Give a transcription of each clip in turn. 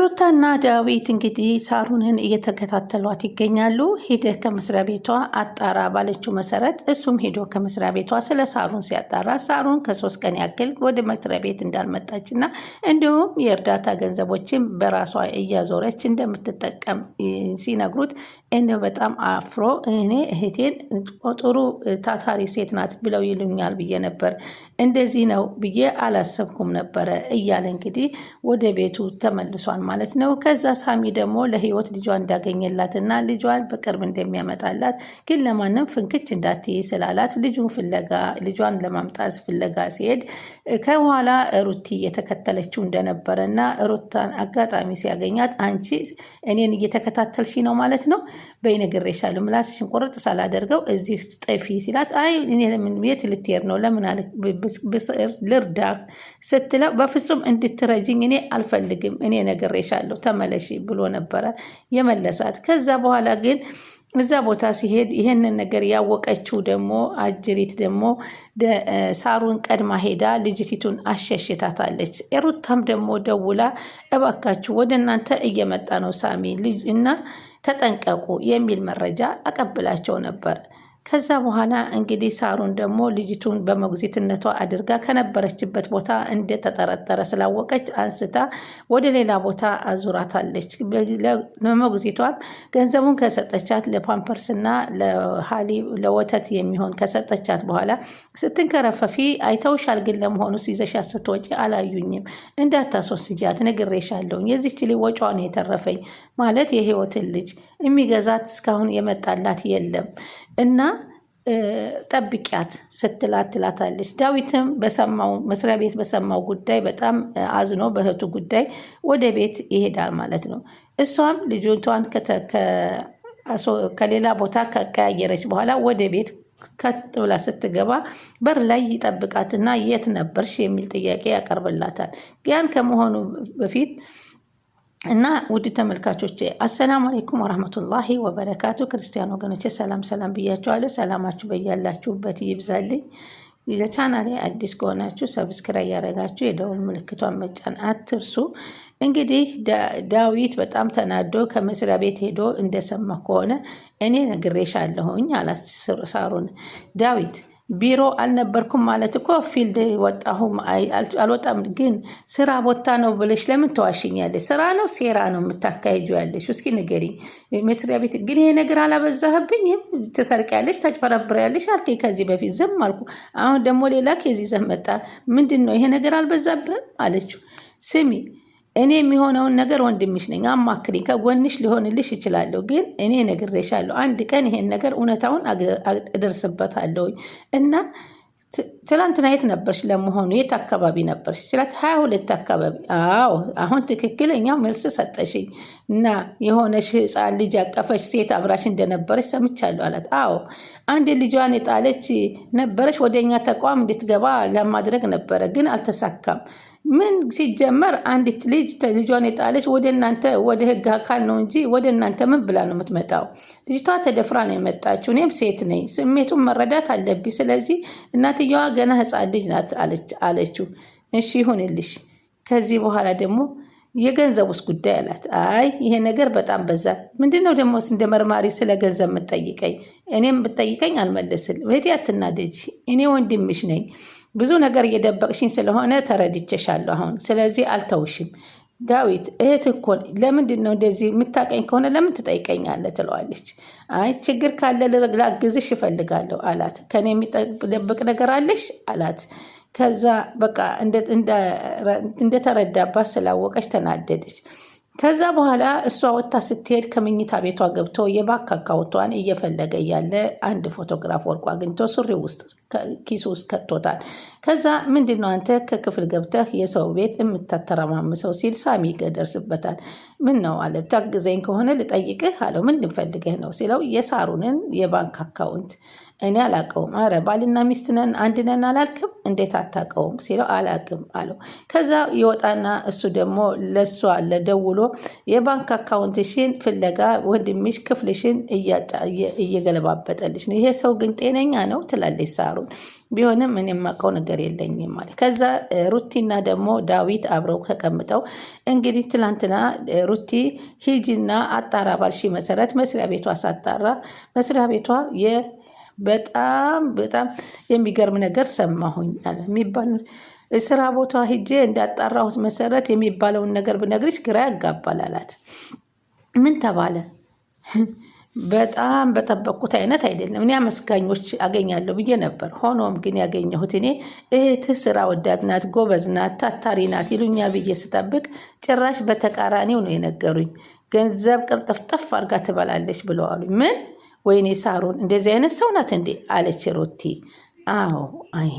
ሩታና ዳዊት እንግዲህ ሳሩንን እየተከታተሏት ይገኛሉ። ሂደህ ከመስሪያ ቤቷ አጣራ ባለችው መሰረት እሱም ሄዶ ከመስሪያ ቤቷ ስለ ሳሩን ሲያጣራ ሳሩን ከሶስት ቀን ያክል ወደ መስሪያ ቤት እንዳልመጣች እና እንዲሁም የእርዳታ ገንዘቦችን በራሷ እያዞረች እንደምትጠቀም ሲነግሩት እኔ በጣም አፍሮ እኔ እህቴን ጥሩ ታታሪ ሴት ናት ብለው ይሉኛል ብዬ ነበር፣ እንደዚህ ነው ብዬ አላሰብኩም ነበረ እያለ እንግዲህ ወደ ቤቱ ተመልሷል ማለት ነው። ከዛ ሳሚ ደግሞ ለህይወት ልጇ እንዳገኘላት እና ልጇን በቅርብ እንደሚያመጣላት ግን ለማንም ፍንክች እንዳትይ ስላላት ልጁን ፍለጋ ልጇን ለማምጣት ፍለጋ ሲሄድ ከኋላ ሩቲ እየተከተለችው እና ሩታን አጋጣሚ ሲያገኛት አንቺ እኔን እየተከታተልሽ ነው ማለት ነው በይነግሬሻለሁ ምላስሽን ቁርጥ ሳላደርገው እዚህ ጠፊ ሲላት አይ የት ልትሄድ ነው ለምን አለ ብስር ልርዳ ስትለው በፍጹም እንድትረጅኝ እኔ አልፈልግም እኔ ነገር ነግሬሻለሁ ተመለሺ ብሎ ነበረ የመለሳት። ከዛ በኋላ ግን እዛ ቦታ ሲሄድ ይሄንን ነገር ያወቀችው ደግሞ አጅሪት ደግሞ ሳሩን ቀድማ ሄዳ ልጅቲቱን አሸሽታታለች። ሩታም ደግሞ ደውላ እባካችሁ ወደ እናንተ እየመጣ ነው ሳሚ እና ተጠንቀቁ የሚል መረጃ አቀብላቸው ነበር። ከዛ በኋላ እንግዲህ ሳሩን ደግሞ ልጅቱን በሞግዚትነቷ አድርጋ ከነበረችበት ቦታ እንደተጠረጠረ ስላወቀች አንስታ ወደ ሌላ ቦታ አዙራታለች። ለሞግዚቷም ገንዘቡን ከሰጠቻት ለፓምፐርስና ለወተት የሚሆን ከሰጠቻት በኋላ ስትንከረፈፊ አይተውሻል፣ ግን ለመሆኑ ሲይዘሻት ስትወጪ አላዩኝም፣ እንዳታስወስጃት ነግሬሻለሁኝ። የዚች ሊ ወጪዋ ነው የተረፈኝ ማለት የህይወትን ልጅ የሚገዛት እስካሁን የመጣላት የለም እና ጠብቂያት ስትላት ትላታለች። ዳዊትም በሰማው መስሪያ ቤት በሰማው ጉዳይ በጣም አዝኖ በእህቱ ጉዳይ ወደ ቤት ይሄዳል ማለት ነው። እሷም ልጅቷን ከሌላ ቦታ ከቀያየረች በኋላ ወደ ቤት ከት ብላ ስትገባ በር ላይ ይጠብቃትና የት ነበርሽ የሚል ጥያቄ ያቀርብላታል። ያን ከመሆኑ በፊት እና ውድ ተመልካቾቼ አሰላሙ አሌይኩም ወራህመቱላሂ ወበረካቱ። ክርስቲያን ወገኖቼ ሰላም ሰላም ብያቸዋለሁ። ሰላማችሁ በያላችሁበት ይብዛልኝ። ለቻናሌ አዲስ ከሆናችሁ ሰብስክራይብ ያደረጋችሁ የደውል ምልክቷን መጫን አትርሱ። እንግዲህ ዳዊት በጣም ተናዶ ከመስሪያ ቤት ሄዶ እንደሰማ ከሆነ እኔ ነግሬሻለሁኝ አላት ሳሩን ዳዊት ቢሮ አልነበርኩም ማለት እኮ ፊልድ ወጣሁም አልወጣም። ግን ስራ ቦታ ነው ብለሽ ለምን ተዋሽኛለሽ? ስራ ነው ሴራ ነው የምታካሄጁ ያለሽ? እስኪ ንገሪኝ። መስሪያ ቤት ግን ይሄ ነገር አላበዛህብኝም? ትሰርቂያለሽ፣ ታጭበረብሪያለሽ አልከኝ ከዚህ በፊት ዝም አልኩ። አሁን ደግሞ ሌላ ኬዝ ይዘህ መጣ። ምንድን ነው ይሄ ነገር አልበዛብህም? አለችው ስሚ እኔ የሚሆነውን ነገር ወንድምሽ ነኝ፣ አማክሪኝ፣ ከጎንሽ ሊሆንልሽ ይችላለሁ። ግን እኔ ነግሬሻለሁ፣ አንድ ቀን ይሄን ነገር እውነታውን እደርስበታለሁ እና ትላንትና የት ነበርሽ? ለመሆኑ የት አካባቢ ነበርሽ? ስላት ሀያ ሁለት አካባቢ። አዎ አሁን ትክክለኛው መልስ ሰጠሽኝ። እና የሆነሽ ህፃን ልጅ ያቀፈች ሴት አብራሽ እንደነበረች ሰምቻለሁ አላት። አዎ አንድ ልጇን የጣለች ነበረች። ወደኛ ተቋም እንድትገባ ለማድረግ ነበረ፣ ግን አልተሳካም። ምን ሲጀመር አንዲት ልጅ ልጇን የጣለች ወደ እናንተ ወደ ህግ አካል ነው እንጂ ወደ እናንተ ምን ብላ ነው የምትመጣው? ልጅቷ ተደፍራ ነው የመጣችው። እኔም ሴት ነኝ፣ ስሜቱን መረዳት አለብኝ። ስለዚህ እናትየዋ ገና ህፃን ልጅ ናት አለችው። እሺ ይሁንልሽ። ከዚህ በኋላ ደግሞ ውስጥ ጉዳይ አላት። አይ ይሄ ነገር በጣም በዛ። ምንድን ነው ደግሞ እንደ መርማሪ ስለ ገንዘብ የምትጠይቀኝ? እኔም ብትጠይቀኝ አልመለስል። ቤቴ አትናደጂ፣ እኔ ወንድምሽ ነኝ ብዙ ነገር እየደበቅሽኝ ስለሆነ ተረድቼሻለሁ አሁን። ስለዚህ አልተውሽም። ዳዊት እህት እኮ ለምንድን ነው እንደዚህ የምታቀኝ ከሆነ ለምን ትጠይቀኛለህ? ትለዋለች። አይ ችግር ካለ ላግዝሽ እፈልጋለሁ አላት። ከኔ የሚጠብቅ ነገር አለሽ አላት። ከዛ በቃ እንደተረዳባት ስላወቀች ተናደደች። ከዛ በኋላ እሷ ወጥታ ስትሄድ ከመኝታ ቤቷ ገብቶ የባንክ አካውንቷን እየፈለገ ያለ አንድ ፎቶግራፍ ወርቆ አግኝቶ ሱሪ ውስጥ ኪሱ ውስጥ ከቶታል። ከዛ ምንድን ነው አንተ ከክፍል ገብተህ የሰው ቤት የምታተረማምሰው ሲል ሳሚ ይደርስበታል። ምን ነው አለ። ታግዘኝ ከሆነ ልጠይቅህ አለው። ምን ልንፈልገህ ነው ሲለው የሳሩንን የባንክ አካውንት እኔ አላቀውም። አረ ባልና ሚስት ነን አንድ ነን አላልክም? እንዴት አታቀውም ሲለው አላቅም አለው። ከዛ ይወጣና እሱ ደግሞ ለሷ ለደውሎ የባንክ አካውንትሽን ፍለጋ ወንድምሽ ክፍልሽን እየገለባበጠልሽ ነው። ይሄ ሰው ግን ጤነኛ ነው ትላለች ሳሩ። አላውቅም። ቢሆንም እኔ የማውቀው ነገር የለኝም ማለት። ከዛ ሩቲና ደግሞ ዳዊት አብረው ተቀምጠው እንግዲህ ትላንትና ሩቲ ሂጂና አጣራ ባልሺ መሰረት መስሪያ ቤቷ ሳጣራ መስሪያ ቤቷ በጣም በጣም የሚገርም ነገር ሰማሁኝ አለ የሚባል ስራ ቦታ ሂጄ እንዳጣራሁት መሰረት የሚባለውን ነገር ብነግርሽ ግራ ያጋባል አላት። ምን ተባለ? በጣም በጠበቅኩት አይነት አይደለም። እኔ አመስጋኞች አገኛለሁ ብዬ ነበር። ሆኖም ግን ያገኘሁት እኔ እህትህ ስራ ወዳድ ናት፣ ጎበዝ ናት፣ ታታሪ ናት ይሉኛ ብዬ ስጠብቅ ጭራሽ በተቃራኒው ነው የነገሩኝ። ገንዘብ ቅርጥፍጥፍ አድርጋ ትበላለች ብለዋሉ። ምን ወይኔ ሳሩን እንደዚህ አይነት ሰው ናት እንዴ? አለች ሮቲ። አዎ አይ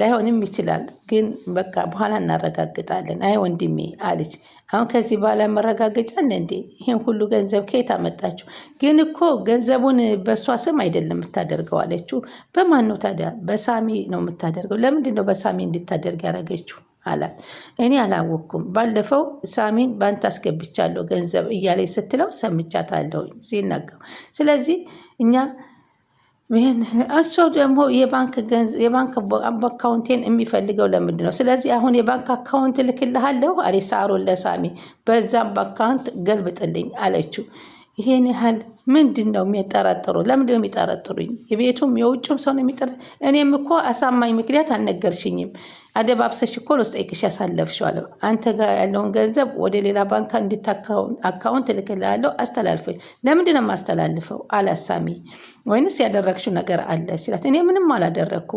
ላይሆንም ይችላል ግን በቃ በኋላ እናረጋግጣለን። አይ ወንድሜ አለች። አሁን ከዚህ በኋላ መረጋገጫ አለ እንዴ? ይህን ሁሉ ገንዘብ ከየት አመጣችሁ? ግን እኮ ገንዘቡን በእሷ ስም አይደለም የምታደርገው አለችው። በማን ነው ታዲያ? በሳሚ ነው የምታደርገው። ለምንድን ነው በሳሚ እንድታደርግ ያደረገችው አላት። እኔ አላወቅኩም። ባለፈው ሳሚን ባንተ አስገብቻለሁ ገንዘብ እያለች ስትለው ሰምቻታለሁ ሲናገሩ። ስለዚህ እኛ ይህን እሱ ደግሞ የባንክ አካውንቴን የሚፈልገው ለምንድን ነው? ስለዚህ አሁን የባንክ አካውንት ልክልሃለሁ አሬ ሳሩን ለሳሚ። በዛም በአካውንት ገልብጥልኝ አለችው። ይሄን ያህል ምንድን ነው የሚጠረጥሩ? ለምንድን ነው የሚጠረጥሩኝ? የቤቱም የውጭም ሰው ነው የሚጠረ እኔም እኮ አሳማኝ ምክንያት አልነገርሽኝም። አደባብሰሽ እኮ ነው ስጠይቅሽ ያሳለፍሽዋለሁ። አንተ ጋር ያለውን ገንዘብ ወደ ሌላ ባንክ እንድት አካውንት እልክልሃለሁ። አስተላልፈ። ለምንድን ነው የማስተላልፈው? አላሳሚ ወይንስ ያደረግሽው ነገር አለ ሲላት እኔ ምንም አላደረግኩ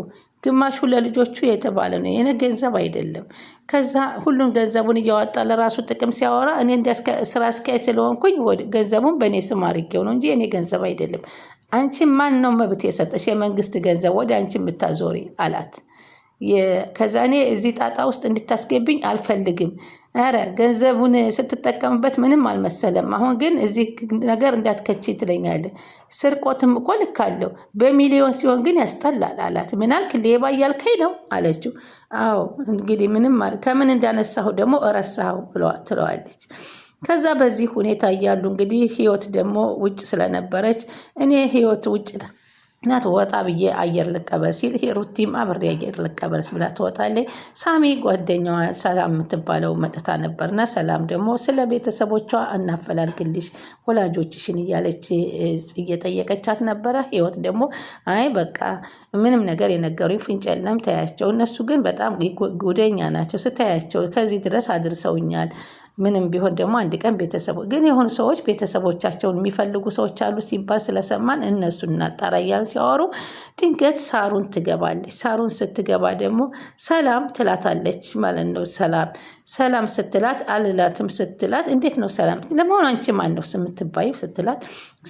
ግማሹ ለልጆቹ የተባለ ነው። የኔ ገንዘብ አይደለም። ከዛ ሁሉን ገንዘቡን እያወጣ ለራሱ ጥቅም ሲያወራ እኔ ስራ አስኪያጅ ስለሆንኩኝ ገንዘቡን በእኔ ስም አድርጌው ነው እንጂ የኔ ገንዘብ አይደለም። አንቺ ማን ነው መብት የሰጠሽ የመንግስት ገንዘብ ወደ አንቺ የምታዞሪ አላት። ከዛ እኔ እዚህ ጣጣ ውስጥ እንድታስገብኝ አልፈልግም። ኧረ ገንዘቡን ስትጠቀምበት ምንም አልመሰለም። አሁን ግን እዚህ ነገር እንዳትከቺ ትለኛለህ። ስርቆትም እኮ ልካለሁ በሚሊዮን ሲሆን ግን ያስጠላል አላት። ምናልክ ሌባ እያልከኝ ነው አለችው። አዎ እንግዲህ ምንም ከምን እንዳነሳሁ ደግሞ እረሳሁ ትለዋለች። ከዛ በዚህ ሁኔታ እያሉ እንግዲህ ህይወት ደግሞ ውጭ ስለነበረች እኔ ህይወት ውጭ ናት ወጣ ብዬ አየር ልቀበል ሲል ሩቲም አብሬ አየር ልቀበል ብላ ትወጣለች። ሳሚ ጓደኛዋ ሰላም የምትባለው መጥታ ነበርና ሰላም ደግሞ ስለ ቤተሰቦቿ እናፈላልግልሽ ወላጆችሽን እያለች እየጠየቀቻት ነበረ። ህይወት ደግሞ አይ በቃ ምንም ነገር የነገሩኝ ፍንጭ የለም ተያቸው። እነሱ ግን በጣም ጉደኛ ናቸው ስታያቸው ከዚህ ድረስ አድርሰውኛል ምንም ቢሆን ደግሞ አንድ ቀን ቤተሰቦች ግን የሆኑ ሰዎች ቤተሰቦቻቸውን የሚፈልጉ ሰዎች አሉ ሲባል ስለሰማን እነሱን እናጣራ ሲያወሩ ድንገት ሳሩን ትገባለች። ሳሩን ስትገባ ደግሞ ሰላም ትላታለች ማለት ነው። ሰላም ሰላም ስትላት አልላትም ስትላት እንዴት ነው ሰላም ለመሆኑ አንቺ ማን ነው ስምትባዩ ስትላት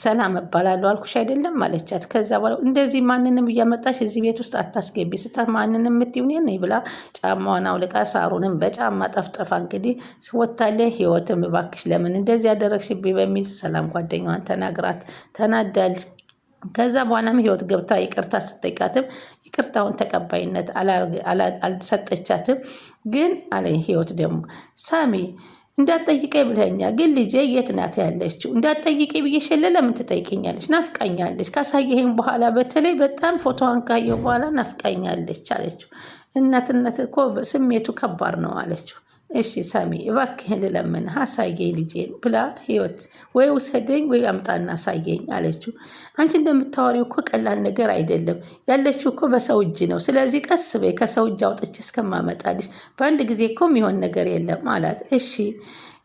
ሰላም እባላለሁ አልኩሽ አይደለም አለቻት። ከዛ በኋላ እንደዚህ ማንንም እያመጣሽ እዚህ ቤት ውስጥ አታስገቢ ስታት ማንንም የምትይው ነ ብላ ጫማዋን አውልቃ ሳሩንም በጫማ ጠፍጠፋ እንግዲህ ወታለ ህይወትም እባክሽ ለምን እንደዚህ ያደረግሽብኝ በሚል ሰላም ጓደኛዋን ተናግራት ተናዳል። ከዛ በኋላም ህይወት ገብታ ይቅርታ ስትጠይቃትም ይቅርታውን ተቀባይነት አልሰጠቻትም። ግን አለ ህይወት ደግሞ ሳሚ እንዳትጠይቀኝ ብለኸኛል፣ ግን ልጄ የት ናት ያለችው? እንዳትጠይቀኝ ብዬሽ ለምን ትጠይቀኛለች? ናፍቃኛለች። ካሳየኸኝ በኋላ በተለይ በጣም ፎቶዋን ካየሁ በኋላ ናፍቃኛለች አለችው። እናትነት እኮ ስሜቱ ከባድ ነው አለችው። እሺ ሳሚ እባክህን ልለምንህ አሳየኝ ልጄን ብላ ህይወት ወይ ውሰደኝ ወይ አምጣና አሳየኝ አለችው። አንቺ እንደምታወሪው እኮ ቀላል ነገር አይደለም፣ ያለችው እኮ በሰው እጅ ነው። ስለዚህ ቀስ በይ ከሰው እጅ አውጥቼ እስከማመጣልሽ፣ በአንድ ጊዜ እኮ የሚሆን ነገር የለም አላት። እሺ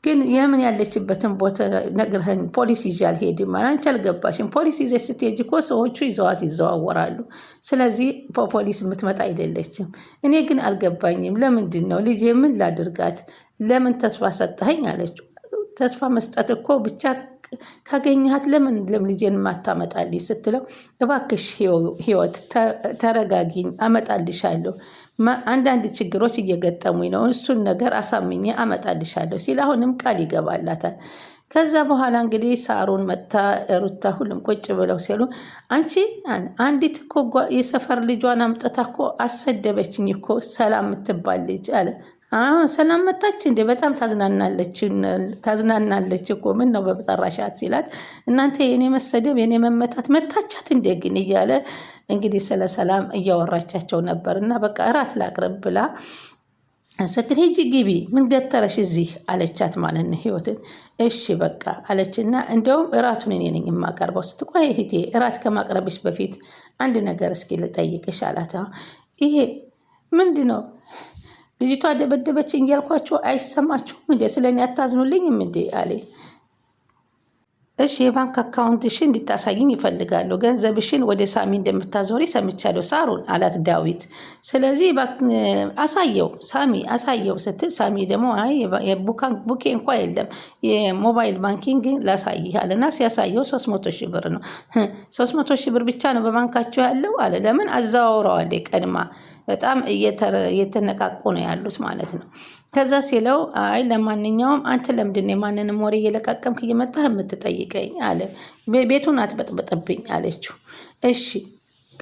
ግን የምን ያለችበትን ቦታ ነግረህን ፖሊስ ይዤ አልሄድም። አንቺ አልገባሽም። ፖሊስ ይዘሽ ስትሄጂ እኮ ሰዎቹ ይዘዋት ይዘዋወራሉ። ስለዚህ ፖሊስ የምትመጣ አይደለችም። እኔ ግን አልገባኝም። ለምንድን ነው ልጄ? ምን ላድርጋት? ለምን ተስፋ ሰጠኸኝ? አለችው። ተስፋ መስጠት እኮ ብቻ ካገኘሃት ለምን ልጄን ማታመጣልኝ ስትለው እባክሽ ህይወት ተረጋጊኝ፣ አመጣልሻለሁ አንዳንድ ችግሮች እየገጠሙኝ ነው፣ እሱን ነገር አሳምኜ አመጣልሻለሁ ሲል አሁንም ቃል ይገባላታል። ከዛ በኋላ እንግዲህ ሳሩን መታ ሩታ ሁሉም ቁጭ ብለው ሲሉ አንቺ አንዲት እኮ የሰፈር ልጇን አምጥታ እኮ አሰደበችኝ እኮ ሰላም የምትባል ልጅ አለ። ሰላም መጣች እንዴ? በጣም ታዝናናለች እኮ ምን ነው በጠራሻት ሲላት፣ እናንተ የኔ መሰደብ የኔ መመታት መታቻት እንዴ ግን እያለ እንግዲህ ስለ ሰላም እያወራቻቸው ነበር። እና በቃ እራት ላቅርብ ብላ ስትል ሂጂ ግቢ ምን ገተረሽ እዚህ አለቻት ማለት ነው ህይወትን። እሺ በቃ አለችና እንደውም እራቱን እኔ ነኝ የማቀርበው ስትቆይ፣ እህቴ እራት ከማቅረብሽ በፊት አንድ ነገር እስኪ ልጠይቅሽ አላት። ይሄ ምንድን ነው ልጅቷ ደበደበችኝ እያልኳቸው አይሰማችሁም እንዴ? ስለ እኔ አታዝኑልኝም እንዴ? አለ። እሺ የባንክ አካውንትሽን እንድታሳይኝ ይፈልጋሉ። ገንዘብሽን ወደ ሳሚ እንደምታዞሪ ሰምቻለሁ ሳሩን አላት ዳዊት። ስለዚህ አሳየው ሳሚ አሳየው ስትል ሳሚ ደግሞ አይ ቡኬ እንኳ የለም የሞባይል ባንኪንግ ላሳይህ አለና ሲያሳየው ሶስት መቶ ሺህ ብር ነው። ሶስት መቶ ሺህ ብር ብቻ ነው በባንካቸው ያለው አለ። ለምን አዘዋውረዋል ቀድማ በጣም እየተነቃቁ ነው ያሉት ማለት ነው። ከዛ ሲለው አይ ለማንኛውም አንተ ለምንድን የማንንም ወሬ እየለቃቀምክ እየመጣህ የምትጠይቀኝ አለ። ቤቱን አትበጥበጥብኝ አለችው። እሺ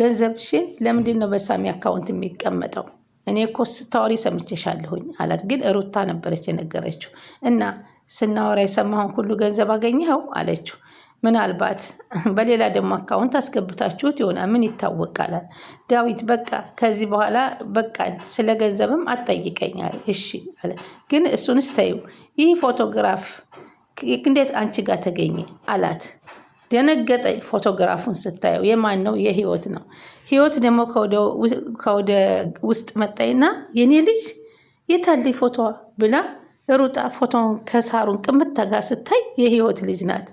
ገንዘብሽን ለምንድን ነው በሳሚ አካውንት የሚቀመጠው? እኔ እኮ ስታወሪ ሰምቼሻለሁኝ አላት። ግን ሩታ ነበረች የነገረችው እና ስናወራ የሰማሁን ሁሉ ገንዘብ አገኘኸው አለችው። ምናልባት በሌላ ደግሞ አካውንት አስገብታችሁት ይሆናል። ምን ይታወቃላል? ዳዊት በቃ ከዚህ በኋላ በቃ ስለ ገንዘብም አጠይቀኛል። እሺ አለ። ግን እሱን ስተዩ ይህ ፎቶግራፍ እንዴት አንቺ ጋር ተገኘ አላት። ደነገጠ። ፎቶግራፉን ስታየው የማን ነው? የህይወት ነው። ህይወት ደግሞ ከወደ ውስጥ መጣይና የኔ ልጅ የታለ ፎቶዋ ብላ ሩጣ ፎቶን ከሳሩን ቅምታጋ ስታይ የህይወት ልጅ ናት።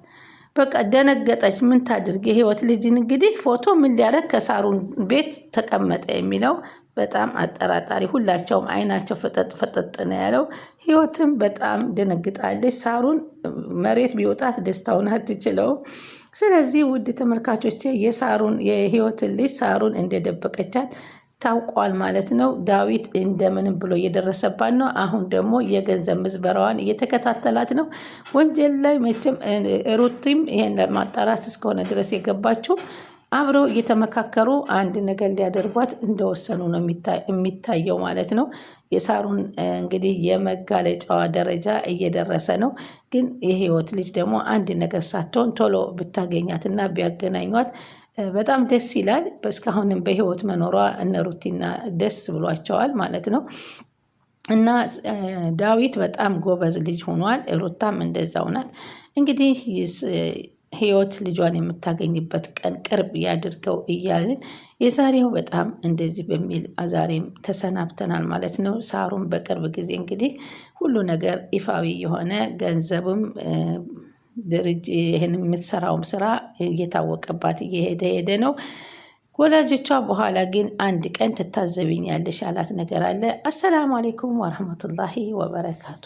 በቃ ደነገጠች። ምን ታድርግ? የህይወት ልጅን እንግዲህ ፎቶ ምን ሊያደርግ ከሳሩን ቤት ተቀመጠ የሚለው በጣም አጠራጣሪ፣ ሁላቸውም አይናቸው ፈጠጥ ፈጠጥ ነው ያለው። ህይወትም በጣም ደነግጣለች። ሳሩን መሬት ቢወጣት ደስታውን አትችለው። ስለዚህ ውድ ተመልካቾቼ የሳሩን የህይወትን ልጅ ሳሩን እንደደበቀቻት ታውቋል ማለት ነው። ዳዊት እንደምንም ብሎ እየደረሰባት ነው። አሁን ደግሞ የገንዘብ ምዝበራዋን እየተከታተላት ነው። ወንጀል ላይ መቼም ሩቲም ይሄን ለማጣራት እስከሆነ ድረስ የገባችው አብረው እየተመካከሩ አንድ ነገር ሊያደርጓት እንደወሰኑ ነው የሚታየው ማለት ነው። የሳሩን እንግዲህ የመጋለጫዋ ደረጃ እየደረሰ ነው። ግን የህይወት ልጅ ደግሞ አንድ ነገር ሳትሆን ቶሎ ብታገኛትና ቢያገናኟት በጣም ደስ ይላል። እስካሁንም በህይወት መኖሯ እነ ሩቲና ደስ ብሏቸዋል ማለት ነው። እና ዳዊት በጣም ጎበዝ ልጅ ሆኗል። ሩታም እንደዛው ናት። እንግዲህ ህይወት ልጇን የምታገኝበት ቀን ቅርብ ያድርገው እያልን የዛሬው በጣም እንደዚህ በሚል ዛሬም ተሰናብተናል ማለት ነው። ሳሩን በቅርብ ጊዜ እንግዲህ ሁሉ ነገር ይፋዊ የሆነ ገንዘብም ድርጅ ይህን የምትሰራውም ስራ እየታወቀባት እየሄደ ሄደ ነው። ወላጆቿ በኋላ ግን አንድ ቀን ትታዘብኛለሽ ያላት ነገር አለ። አሰላሙ አሌይኩም ወረህመቱላሂ ወበረካቱ